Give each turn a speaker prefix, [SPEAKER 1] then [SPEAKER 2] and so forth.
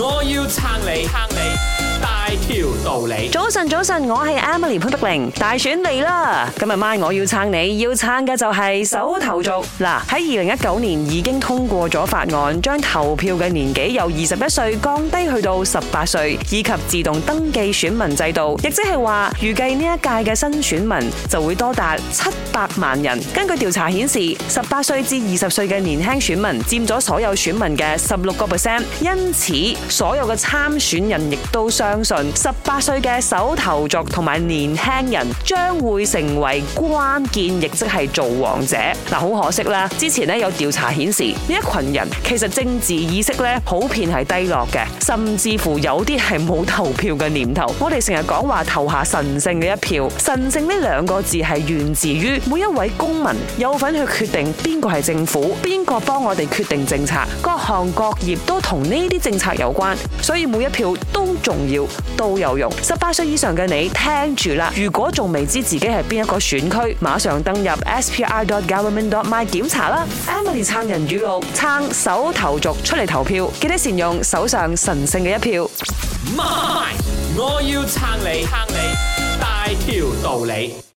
[SPEAKER 1] 我要撐你，撐你，大條道理。早晨，早晨，我係 Emily 潘碧玲。大選嚟啦！今日晚我要撐你，要撐嘅就係首投族。嗱，喺二零一九年已經通過咗法案，將投票嘅年紀由二十一歲降低去到十八歲，以及自動登記選民制度，亦即係話預計呢一屆嘅新選民就會多達七百萬人。根據調查顯示，十八歲至二十歲嘅年輕選民佔咗所有選民嘅十六個 percent，因此，所有嘅參選人亦都相信，十八歲嘅首投族同埋年輕人將會成為關鍵，亦即係造王者。嗱，好可惜啦！之前咧有調查顯示，呢一群人其實政治意識咧普遍係低落嘅，甚至乎有啲係冇投票嘅念頭。我哋成日講話投下「神聖」嘅一票，「神聖」呢兩個字係源自於每一位公民有份去決定邊個係政府，邊個幫我哋決定政策，各行各業都同呢啲政策有關。所以每一票都重要，都有用。十八歲以上嘅你，聽住啦！如果仲未知自己係邊一個選區，馬上登入 spr.gov.my 檢查啦。 Emily 撐人語錄，撐首投族出嚟投票，記得善用手上神聖嘅一票。My，我要撐你，撐你，大條道理。